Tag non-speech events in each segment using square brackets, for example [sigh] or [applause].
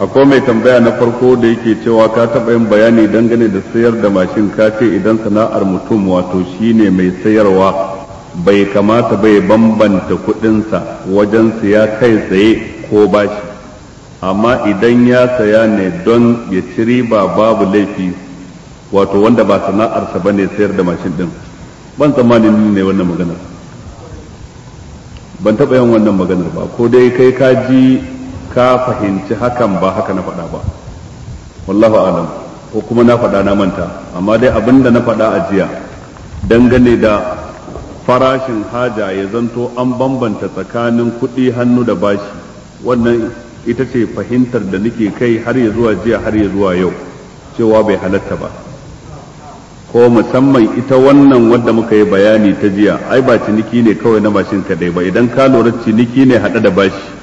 akwai mai tambaya na farko da yake cewa ka taɓa yin bayani dangane da sayar da mashin kace idan sana'ar mutum wato shine mai sayarwa bai kamata bai bambanta kuɗinsa wajen siya kai tsaye ko bashi amma idan ya saya ne don ya ci riba babu laifi wato wanda ba sana'arsa ba ne sayar da mashin ɗin ban tsammanin ne wannan maganar ban taɓa yin wannan maganar ba ko dai kai ka ji ka fahimci hakan ba haka na faɗa ba wallahu alam ko kuma na faɗa na manta amma dai abin da na faɗa a jiya dangane da farashin haja ya zanto an bambanta tsakanin kuɗi hannu da bashi wannan ita ce fahimtar da nake kai har ya zuwa jiya har ya zuwa yau cewa bai halatta ba ko musamman ita wannan wadda muka yi bayani ta jiya ai ba ciniki ne kawai na mashin kaɗai ba idan ka lura ciniki ne hada da bashi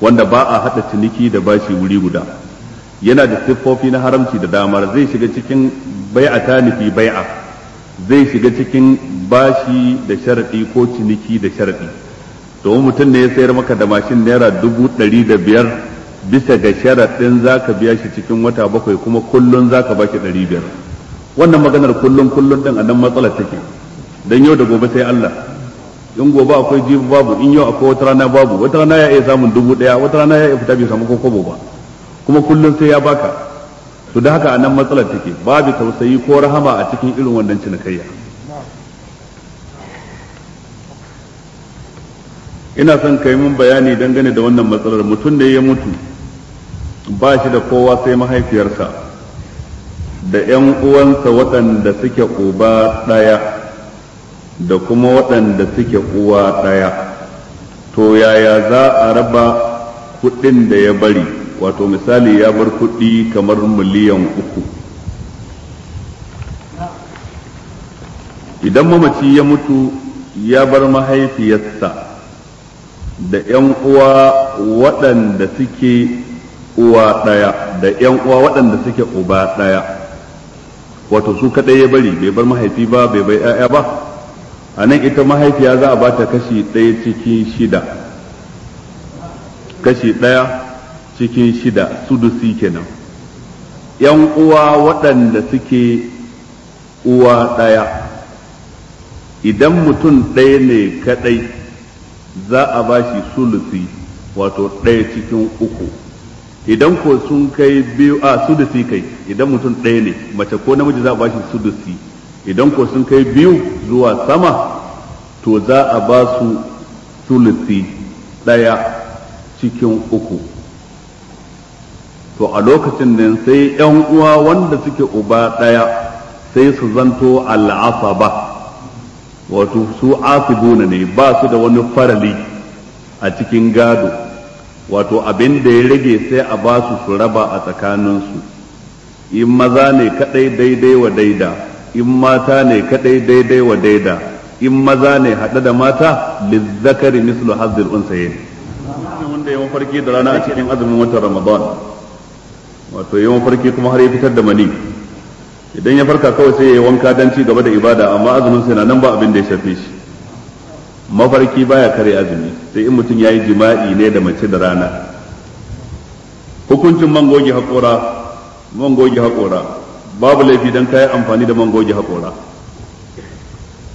wanda ba a haɗa ciniki da bashi wuri guda yana da siffofi na haramci da damar zai shiga cikin bai'a tanifi bai'a zai shiga cikin bashi da sharaɗi ko ciniki da sharaɗi domin mutum ne ya sayar maka da mashin naira dubu ɗari da biyar bisa ga sharaɗin za ka biya shi cikin wata bakwai kuma kullum za ka ba shi ɗari biyar wannan maganar kullum kullum ɗin a nan matsalar take don yau da gobe sai Allah in gobe akwai jibi babu in yau akwai wata rana babu wata rana ya iya samun dubu daya wata rana ya iya fita bai samu ko kobo ba kuma kullum sai ya baka to da haka anan matsalar take babu tausayi ko rahama a cikin irin wannan cinikayya ina son kai min bayani dangane da wannan matsalar mutum da ya mutu ba shi da kowa sai mahaifiyarsa da 'yan uwansa waɗanda suke uba ɗaya da kuma waɗanda suke uwa ɗaya to yaya za a raba kuɗin da ya bari wato misali ya bar kuɗi kamar miliyan uku idan mamaci ya mutu ya bar mahaifiyarsa da 'yan uwa waɗanda suke uwa ɗaya da 'yan uwa waɗanda suke uba ɗaya wato su kaɗai ya bari bai bar mahaifi ba bai bai 'ya'ya ba a nan ita mahaifiya za a bata kashi ɗaya cikin shida kashi ɗaya cikin shida sudusi kenan yan uwa waɗanda suke uwa ɗaya idan mutum ɗaya ne kaɗai za a ba shi sulusi wato ɗaya cikin uku idan ko sun kai biyu a sudusi kai idan mutum ɗaya ne mace ko namiji za a ba shi sudusi idan ko sun kai biyu zuwa sama to za a ba su sulusi ɗaya cikin uku to a lokacin nan sai yan uwa wanda suke uba ɗaya sai su zanto ba wato su afibuna ne ba su da wani farali a cikin gado wato abin da ya rage sai a ba su su raba a tsakaninsu in maza ne kadai daidai wa daida in mata ne kadai daidai wa daida in maza ne hada da mata lizzakari mislu hazzil unsayin wanda ya mafarki da rana a cikin azumin watan ramadan wato ya mafarki kuma har ya fitar da mani idan ya farka kawai sai ya yi wanka dan ci gaba da ibada amma azumin sai na nan ba abin da ya shafe shi mafarki baya kare azumi sai in mutum ya yi jima'i ne da mace da rana hukuncin mangogi goge haƙora man haƙora babu laifi dan kayi amfani da man goge haƙora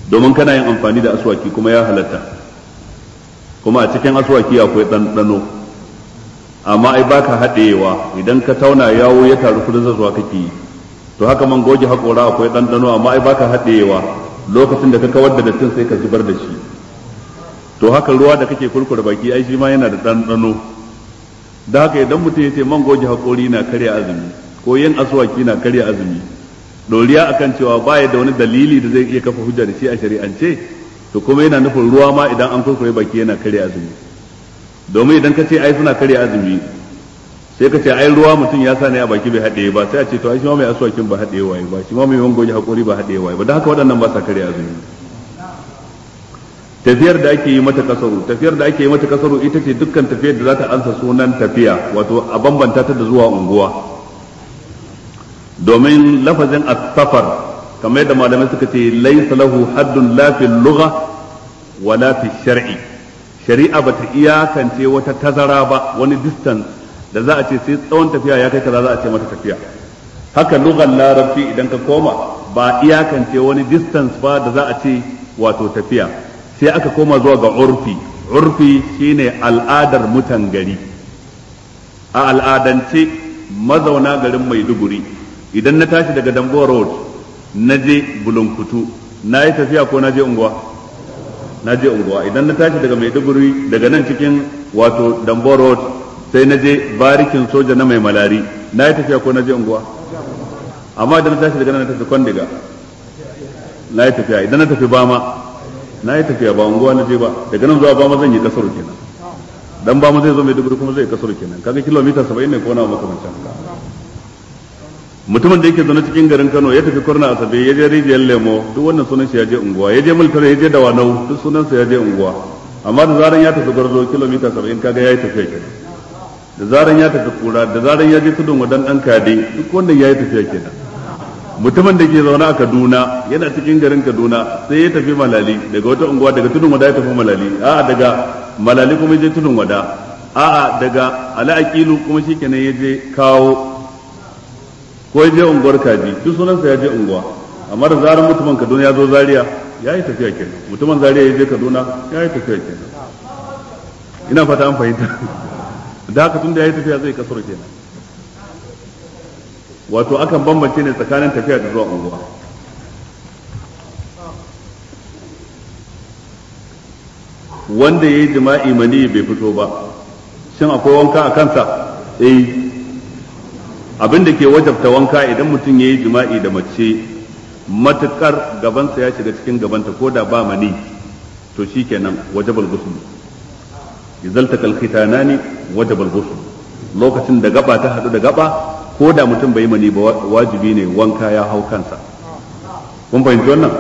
domin kana yin amfani da aswaki kuma ya halatta kuma a cikin aswaki akwai ɗanɗano amma ai ba ka haɗewa idan ka tauna yawo ya taru kudin zazzuwa kake yi to haka man goge haƙora akwai ɗanɗano amma ai ba ka haɗewa lokacin da ka kawar da dattin sai ka zubar da shi to haka ruwa da kake kurkure baki ai shi ma yana da ɗanɗano da haka idan mutum ya ce man goge haƙori na karya azumi ko yin aswaki na karya azumi doriya akan cewa baya da wani dalili da zai iya kafa hujja da shi a shari'ance to kuma yana nufin ruwa ma idan an kurkure baki yana karya azumi domin idan ka ce ai suna karya azumi sai ka ce ai ruwa mutum ya sa ne a baki bai haɗe ba sai a ce to ai shi ma mai aswakin ba haɗe waye ba shi ma mai wangoji haƙuri ba haɗe waye ba don haka waɗannan ba sa karya azumi tafiyar da ake yi mata kasaru tafiyar da ake yi mata kasaru ita ce dukkan tafiyar da za ta ansa sunan tafiya wato a bambanta ta da zuwa unguwa domin lafazin as-safar kamar yadda malamai suka ce laysa lahu haddun la fil lugha wala fi shar'i shari'a bata iyakance wata tazara ba wani distance da za a ce sai tsawon tafiya ya kai kaza za a ce mata tafiya haka lugar larabci idan ka koma ba iyakance wani distance ba da za a ce wato tafiya sai aka koma zuwa ga urfi urfi shine al'adar mutan gari a al'adance mazauna garin maiduguri idan na tashi daga dambuwa road na je bulunkutu na yi tafiya ko na je unguwa na je unguwa idan na tashi daga maiduguri daga nan cikin wato dambuwa road sai na je barikin soja na mai malari na yi tafiya ko na je unguwa amma idan na tashi daga nan na tafi kwandiga na yi tafiya idan na tafi bama na yi tafiya ba unguwa na je ba daga nan zuwa bama zan yi kasar kenan dan bama zai zo maiduguri kuma zai kasar kenan kaga kilomita 70 ne ko na makamancin haka mutumin da yake zaune cikin garin Kano ya tafi kurna asabe ya je rijiyar lemo duk wannan sunan shi ya je unguwa ya je multare ya je dawanau duk sunan sa ya je unguwa amma da zaran ya tafi gwarzo kilomita 70 kaga yayi tafiya kenan da zaran ya tafi kura da zaran ya je tudun wadan dan kade duk wannan yayi tafiya kenan mutumin da ke zaune a Kaduna yana cikin garin Kaduna sai ya tafi Malali daga wata unguwa daga tudun wada ya tafi Malali a'a daga Malali kuma ya je tudun wada a'a daga Ala kuma shikenan ya je kawo ko je unguwar kaji duk sunansa ya je unguwa amma da zarar mutumin kaduna ya zo zaria ya yi tafiya kenan mutumin zaria ya je kaduna ya yi tafiya kenan ina fata an fahimta da haka tun da ya yi tafiya zai kasar kenan wato akan bambance ne tsakanin tafiya da zuwa unguwa wanda ya yi jima'i mani bai fito ba shin akwai wanka a kansa eh abin da ke wajabta wanka idan mutum ya yi jima'i da mace matukar gabansa ya shiga cikin gabanta ko da ba mani to shi kenan wajabal gusul izalta kalkitana ne wajabal gusul lokacin da gaba ta haɗu da gaba ko da mutum bai mani ba wajibi ne wanka ya hau kansa kun fahimci wannan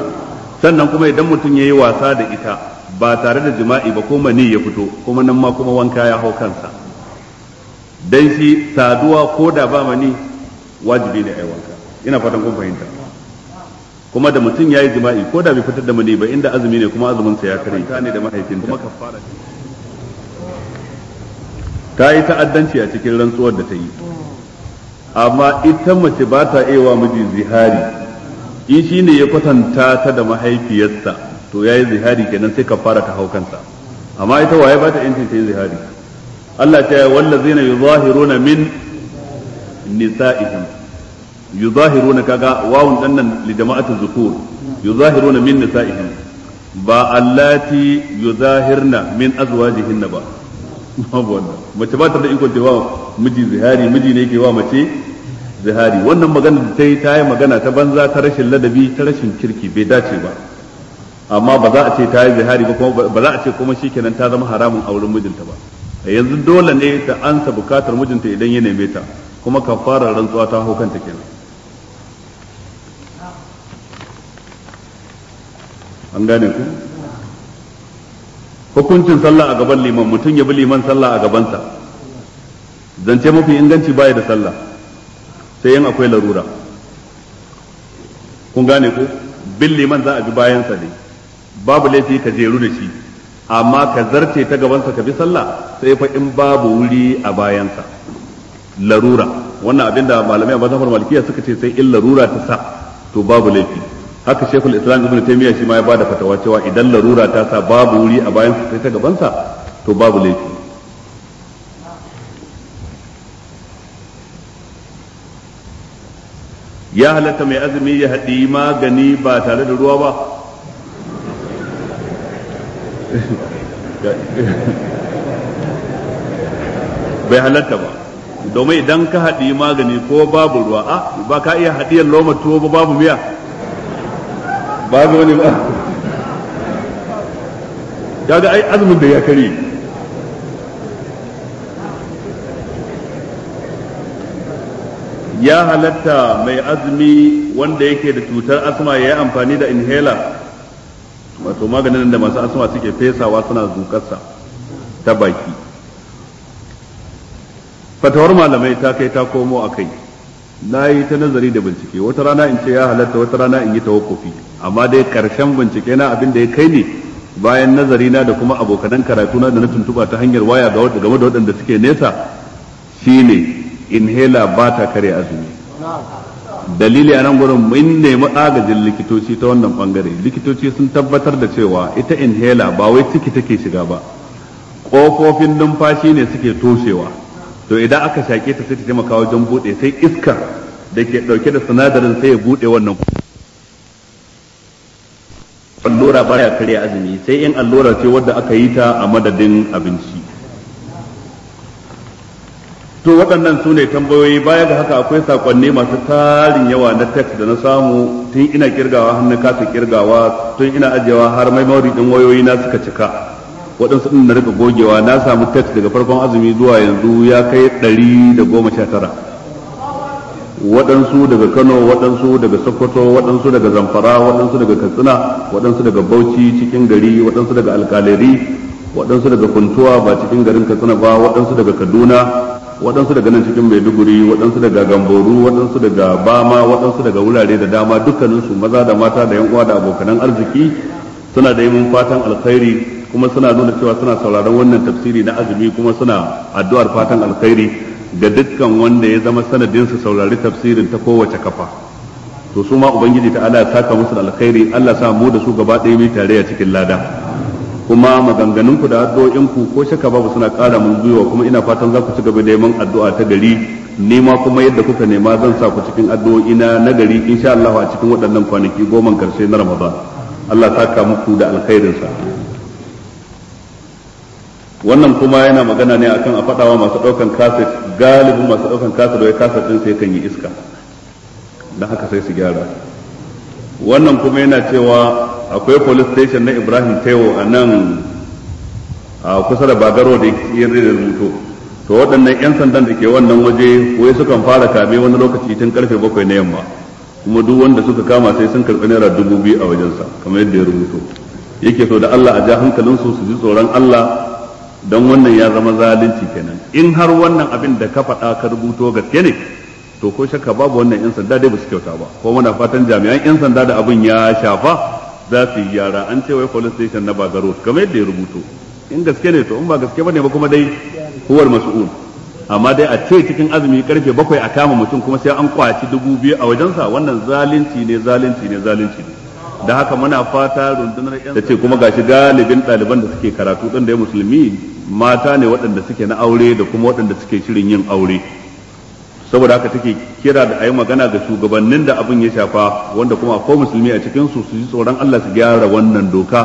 sannan kuma idan mutum ya yi wasa da ita ba tare da jima'i ba ko mani ya fito kuma nan ma kuma wanka ya hau kansa dan shi saduwa ko da ba mani wajibi ne ai wanka ina fatan kun fahimta kuma da mutum yayi jima'i ko da bai fitar da mani ba inda azumi ne kuma azumin ya kare ta ne da mahaifinta kuma kafara ta yi ta'addanci a cikin rantsuwar da ta yi amma ita mace ba ta iya miji zihari in shi ne ya kwatanta ta da mahaifiyarsa to ya yi zihari kenan sai ka fara ta hau kansa amma ita waye ba ta yin zihari Allah ta yi wallazina yuzahiruna min nisa'ihim yuzahiruna kaga wawun nan li jama'atu zukur yuzahiruna min nisa'ihim ba allati yuzahirna min azwajihinna ba babu wannan mace ba ta da ikon cewa miji zihari miji ne ke wa mace zihari wannan magana da ta yi ta yi magana ta banza ta rashin ladabi ta rashin kirki bai dace ba amma ba za a ce ta yi zihari ba ba za a ce kuma shikenan ta zama haramun auren mijinta ba yanzu dole ne ta ansa bukatar mijinta idan ya neme ta kuma fara rantsuwa ta hau kanta kenan an gane ku hukuncin sallah a gaban liman mutum ya bi liman sallah a gabansa zance mafi inganci baya da sallah sai yin akwai larura kun gane ku bin liman za a bi bayansa ne babu laifi ka jeru da shi amma ka zarce ta gabansa ka bi sallah sai fa in babu wuri a bayansa larura wannan abin da malamai a mazhabar malikiya suka ce sai in larura ta sa to babu laifi haka shekul islam ibn taymiya shi ma ya bada fatawa cewa idan larura ta sa babu wuri a bayansa sai ta gabansa to babu laifi ya halatta mai azumi ya haɗi magani ba tare da ruwa ba [laughs] bai halatta ba domin idan ka haɗi magani ko babu ruwa a ba ka iya haɗiyar loma tuwo ba babu miya babu wani ba kaga ai azumin da ya kare ya halatta mai azumi wanda yake da cutar asma ya yi amfani da inhaler to maganin da masu asma suke fesawa suna zukarsa ta baki fatawar malamai ta kai ta komo a kai na yi ta nazari da bincike wata rana in ce ya halatta wata rana in yi tawakkufi amma dai karshen bincike na abin da ya kai ne bayan nazari na da kuma abokanan karatu na da na tuntuba ta hanyar waya ga game da waɗanda suke nesa shine inhaler ba ta kare azumi dalili a nan gurin mun nemi agajin likitoci ta wannan bangare likitoci sun tabbatar da cewa ita inhaler ba wai ciki take shiga ba kofofin numfashi ne suke toshewa to idan aka shaƙe ta sai ta taimaka wajen buɗe sai iskar da ke ɗauke da sinadarin sai ya buɗe wannan allura baya karya azumi sai in allura ce wadda aka yi ta a madadin abinci to waɗannan su ne tambayoyi baya ga haka akwai sakonni masu tarin yawa na text da na samu tun ina kirgawa hannun kasa kirgawa tun ina ajiyewa har mawari ɗin wayoyi na suka cika waɗansu ɗin na rika gogewa na samu text daga farkon azumi zuwa yanzu ya kai ɗari da goma sha tara waɗansu daga kano waɗansu daga sokoto waɗansu daga zamfara waɗansu daga katsina waɗansu daga bauchi cikin gari waɗansu daga alkaleri waɗansu daga kuntuwa ba cikin garin katsina ba waɗansu daga kaduna waɗansu daga nan cikin maiduguri waɗansu daga gamboru waɗansu daga bama waɗansu daga wurare da dama dukkaninsu maza da mata da yan uwa da abokanan arziki suna da yi mun fatan alkhairi kuma suna nuna cewa suna sauraron wannan tafsiri na azumi kuma suna addu'ar fatan alkhairi ga dukkan wanda ya zama sanadin su saurari tafsirin ta kowace kafa to su ma ubangiji ta ya saka musu alkhairi Allah sa mu da su gaba ɗaya mu tare a cikin lada kuma maganganun ku da addu'o'in ku ko shaka babu suna ƙara mun gwiwa kuma ina fatan za ku ci gaba da neman addu'a ta gari nema kuma yadda kuka nema zan sa ku cikin addu'o'i na nagari insha Allah a cikin waɗannan kwanaki goma karshe na Ramadan Allah saka muku da alkhairin sa wannan kuma yana magana ne akan a faɗawa masu ɗaukan kaset galibin masu ɗaukan kaset wai kaset din sai kan yi iska dan haka sai su gyara wannan kuma yana cewa akwai police station na ibrahim taiwo a nan a kusa da bagaro da ya mutu to waɗannan 'yan sandan da ke wannan waje wai sukan fara kame wani lokaci tun karfe bakwai na yamma kuma duk wanda suka kama sai sun karɓi naira dubu biyu a wajensa kamar yadda ya rubuto yake so da allah a ja hankalinsu su su ji tsoron allah don wannan ya zama zalunci kenan in har wannan abin da ka faɗa ka rubuto gaske ne to ko shakka babu wannan yan sanda dai ba su kyauta ba ko muna fatan jami'an yan sanda da abin ya shafa za su yi gyara an ce wai police station na baga road kamar yadda ya rubuto in gaske ne to in ba gaske bane ba kuma dai huwar mas'ul amma dai a ce cikin azumi karfe bakwai a kama mutum kuma sai an kwaci dubu biyu a wajensa wannan zalunci ne zalunci ne zalunci ne da haka muna fata rundunar yan ta ce kuma gashi galibin ɗaliban da suke karatu ɗin da ya musulmi mata ne waɗanda suke na aure da kuma waɗanda suke shirin yin aure saboda haka take kira da ayi magana ga shugabannin da abin ya shafa wanda kuma akwai musulmi a cikin su su ji tsoron Allah su gyara wannan doka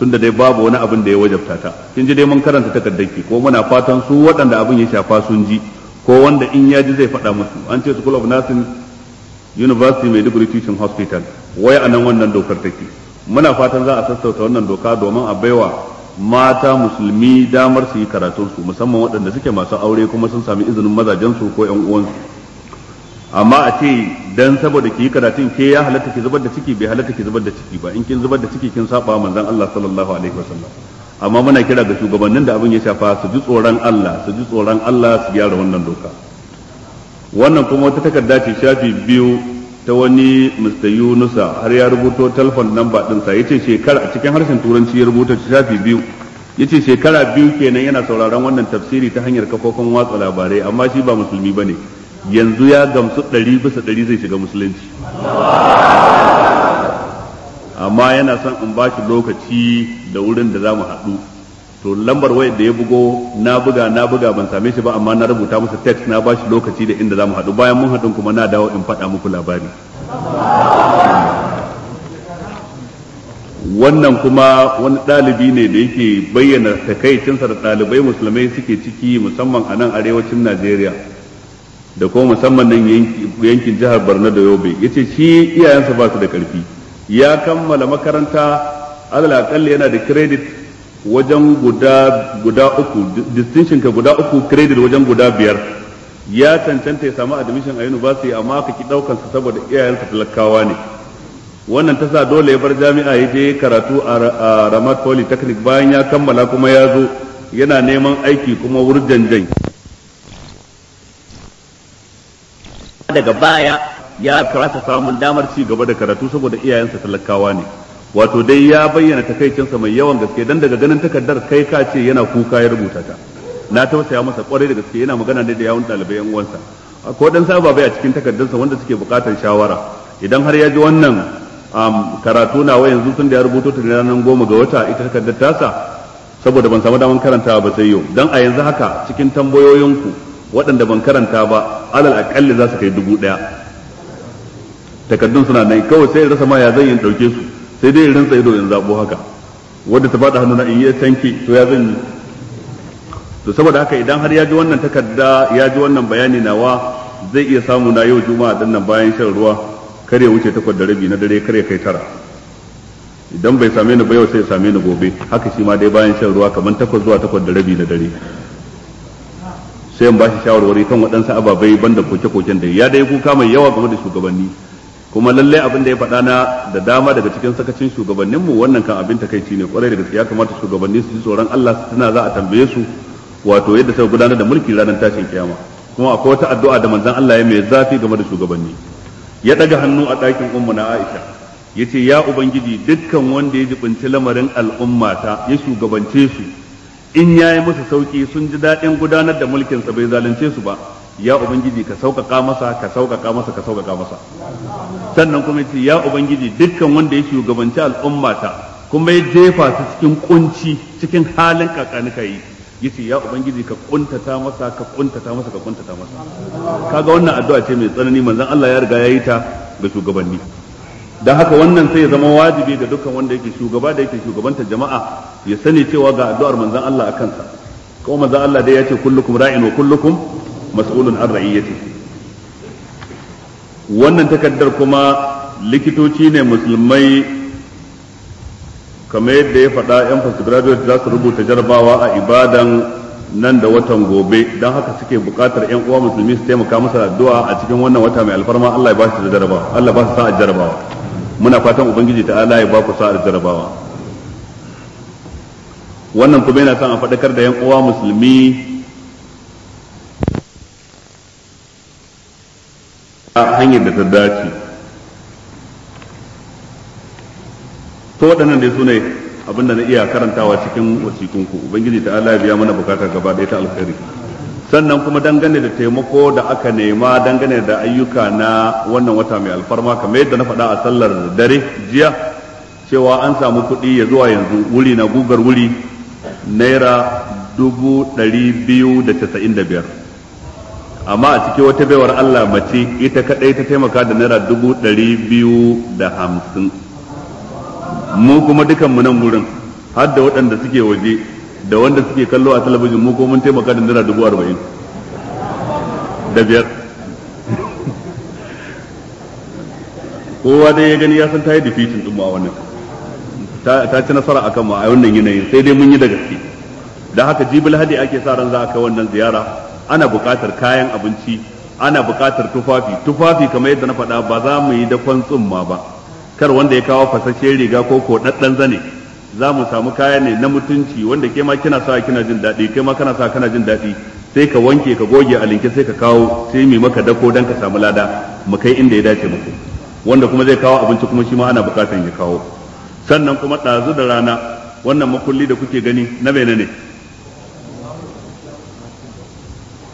tunda dai babu wani abin da ya wajabta ta kin ji dai mun karanta takardar ki ko muna fatan su waɗanda abin ya shafa sun ji ko wanda in ya ji zai faɗa musu an ce School of Nursing University degree Teaching Hospital wai anan wannan dokar take muna fatan za a sassauta wannan doka domin a baiwa mata musulmi damar su yi karatun musamman waɗanda suke masu aure kuma sun sami izinin mazajen su ko ƴan uwansu amma a ce dan saboda ki yi karatun ke ya halatta ki zubar da ciki bai halatta ki zubar da ciki ba in kin zubar da ciki kin saba manzon Allah sallallahu alaihi wasallam amma muna kira ga shugabannin da abin ya shafa su ji tsoron Allah su ji tsoron Allah su gyara wannan doka wannan kuma wata takarda ce shafi biyu ta wani Mr. Yunusa har ya rubuto telefon namba ɗinsa sa ce shekara cikin harshen turanci ya rubuta shafi biyu ya ce shekara biyu kenan yana sauraron wannan tafsiri ta hanyar kafofin watsa labarai amma shi ba musulmi ba ne yanzu ya gamsu ɗari bisa ɗari zai shiga musulunci amma yana son in ba shi lokaci da wurin da za mu haɗu to lambar waya da ya bugo na buga na buga ban same shi ba amma na rubuta masa text na ba shi lokaci da inda zamu haɗu bayan mun haɗu kuma na dawo in faɗa muku labari wannan kuma wani ɗalibi ne da yake bayyana takaicinsa da ɗalibai musulmai suke ciki musamman a nan arewacin najeriya da kuma musamman nan yankin jihar borno da yobe ya ce shi iyayensa ba su da ƙarfi ya kammala makaranta alal yana da credit wajen guda guda uku distinction ka guda uku credit wajen guda biyar ya cancanta ya samu admission a university amma ka ki daukan sa saboda iyayensa talakawa ne wannan ta sa dole ya bar jami'a ya je karatu a Ramat Polytechnic bayan ya kammala kuma ya zo yana neman aiki kuma jan daga baya ya karata samun damar ci gaba da karatu saboda iyayensa talakawa ne wato dai ya bayyana takaicinsa mai yawan gaske dan daga ganin takardar kai ka ce yana kuka ya rubuta ta na tausaya masa kwarai da gaske yana magana ne da yawun dalibai yan uwansa akwai dan saba bai a cikin takardarsa wanda suke buƙatar shawara idan har ya ji wannan karatu na wa yanzu tun da ya rubuto ta ranar goma ga wata ita takardar tasa saboda ban samu daman karantawa ba sai yau dan a yanzu haka cikin tambayoyinku waɗanda ban karanta ba alal aƙalli za su kai dubu ɗaya takardun suna nan kawai sai rasa ma ya zan yin ɗauke su sai dai irin tsaye domin zabo haka wadda ta faɗa na in yi tanki to ya zan yi to saboda haka idan har ya ji wannan takarda ya ji wannan bayani nawa zai iya samu na yau juma'a din nan bayan shan ruwa kar ya wuce takwas da rabi na dare kar ya kai tara idan bai same ni ba yau sai ya same ni gobe haka shi ma dai bayan shan ruwa kamar takwas zuwa takwas da rabi na dare sai in ba shi shawarwari kan waɗansu ababai banda koke-koken da ya dai kuka mai yawa game da shugabanni kuma lallai abin da ya faɗa na da dama daga cikin sakacin shugabanninmu wannan kan abin ta takaici ne kwarai da gaske ya kamata shugabanni su ji tsoron Allah su tana za a tambaye su wato yadda ta gudanar da mulki ranar tashin kiyama kuma akwai wata addu'a da manzon Allah ya mai zafi game da shugabanni ya daga hannu a ɗakin ummu na Aisha yace ya ubangiji dukkan wanda ya jibinci lamarin al'ummata ya shugabance su in yayi musu sauki sun ji daɗin gudanar da mulkin sa bai zalunce su ba ya ubangiji ka sauƙaƙa masa ka sauƙaƙa masa ka sauƙaƙa masa sannan kuma ce ya ubangiji dukkan wanda ya shugabanci al'ummata kuma ya jefa su cikin kunci cikin halin ka yi yace ya ubangiji ka kuntata masa ka kuntata masa ka kuntata masa kaga wannan addu'a ce mai tsanani manzon Allah ya riga ya yi ta ga shugabanni dan haka wannan sai ya zama wajibi ga dukkan wanda yake shugaba da yake shugabantar jama'a ya sani cewa ga addu'ar manzon Allah a kansa kuma manzon Allah dai ya ce kullukum ra'in wa kullukum mas'ulun an ra'iyyati wannan takaddar kuma likitoci ne musulmai kamar yadda ya faɗa yan postgraduate za su rubuta jarabawa a ibadan nan da watan gobe don haka suke buƙatar yan uwa musulmi su taimaka masa addu'a a cikin wannan wata mai alfarma Allah ya ba su jarabawa Allah ba su sa'a jarabawa muna fatan ubangiji ta Allah ya ba ku sa'a jarabawa wannan kuma yana son a faɗakar da yan uwa musulmi a hanyar da ta dace to waɗannan dai su ne abinda na iya karantawa cikin wasikunku ubangiji ta ala biya mana bukata gaba ɗaya ta alkhairi sannan kuma dangane da taimako da aka nema dangane da ayyuka na wannan wata mai alfarma kamar yadda na faɗa a sallar dare jiya cewa an samu kuɗi ya zuwa yanzu wuri na gugar wuri naira dubu ɗari biyu da casa'in da biyar amma a cikin wata baiwar Allah mace ita kadai ta taimaka da naira dubu ɗari biyu da hamsin mu kuma dukan mu nan gurin har da waɗanda suke waje da wanda suke kallo a talabijin mu ko mun taimaka da naira dubu arba'in da biyar [laughs] kowa dai ya gani ya san ta yi difitin ɗin a wannan ta ci nasara a kan a wannan yanayin sai dai mun yi da gaske da haka jibil hadi ake sa ran za a kai wannan ziyara ana buƙatar kayan abinci ana buƙatar tufafi tufafi kamar yadda na faɗa ba za mu yi da dakon ma ba kar wanda ya kawo fasashen riga ko ko ɗaɗɗan zane za mu samu kaya ne na mutunci wanda ke ma kina sa kina jin daɗi kai ma kana sa kana jin daɗi sai ka wanke ka goge a linke sai ka kawo sai mai maka dako dan ka samu lada mu kai inda ya dace muku wanda kuma zai kawo abinci kuma shi ma ana buƙatar ya kawo sannan kuma ɗazu da rana wannan makulli da kuke gani na menene ne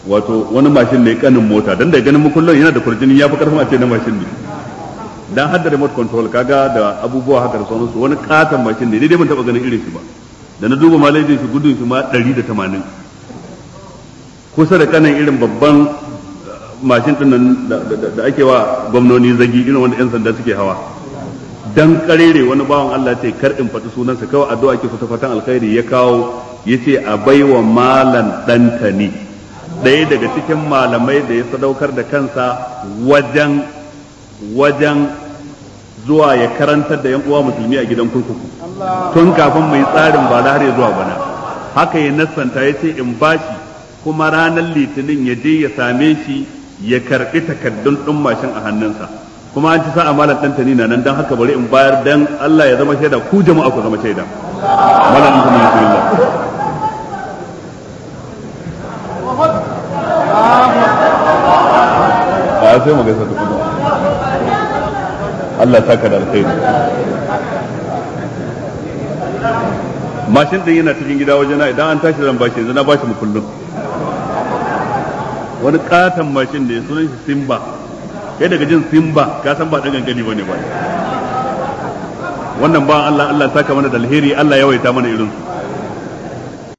wato wani mashin ne kanin mota dan da ganin mukullin yana da kurjini ya fi karfin a ce na mashin ne dan hadda remote control kaga da abubuwa haka da sauransu wani katon mashin ne daidai dai ban taba ganin irin shi ba da na duba malajin shi gudun shi ma 180 kusa da kanin irin babban uh, mashin din nan da ake wa gwamnoni zagi irin wanda yan sanda suke hawa dan karere wani bawan Allah ce kar in faɗi sunansa kawai addu'a ke ta fatan alkhairi ya kawo yace a baiwa malan dantani ne ɗaya daga cikin malamai da ya sadaukar da kansa wajen wajen zuwa ya karantar da yan uwa musulmi a gidan kurkuku tun kafin mai tsarin ba har ya zuwa bana haka ya nasanta ya ce in ba shi kuma ranar litinin ya je ya same shi ya karɓi takardun ɗin mashin a hannunsa kuma an ci sa'a malam ɗan ni na nan don haka bari in bayar dan Allah ya zama shaida ku jama'a ku zama shaida sai mu gaisa tukuna Allah saka da alkhairi mashin din yana cikin gida wajena idan an tashi zan bashi yanzu na bashi mu kullum wani katon mashin da sunan shi simba kai daga jin simba ka san ba dan gangani bane ba wannan ba Allah Allah saka mana da alheri Allah yawaita mana irin su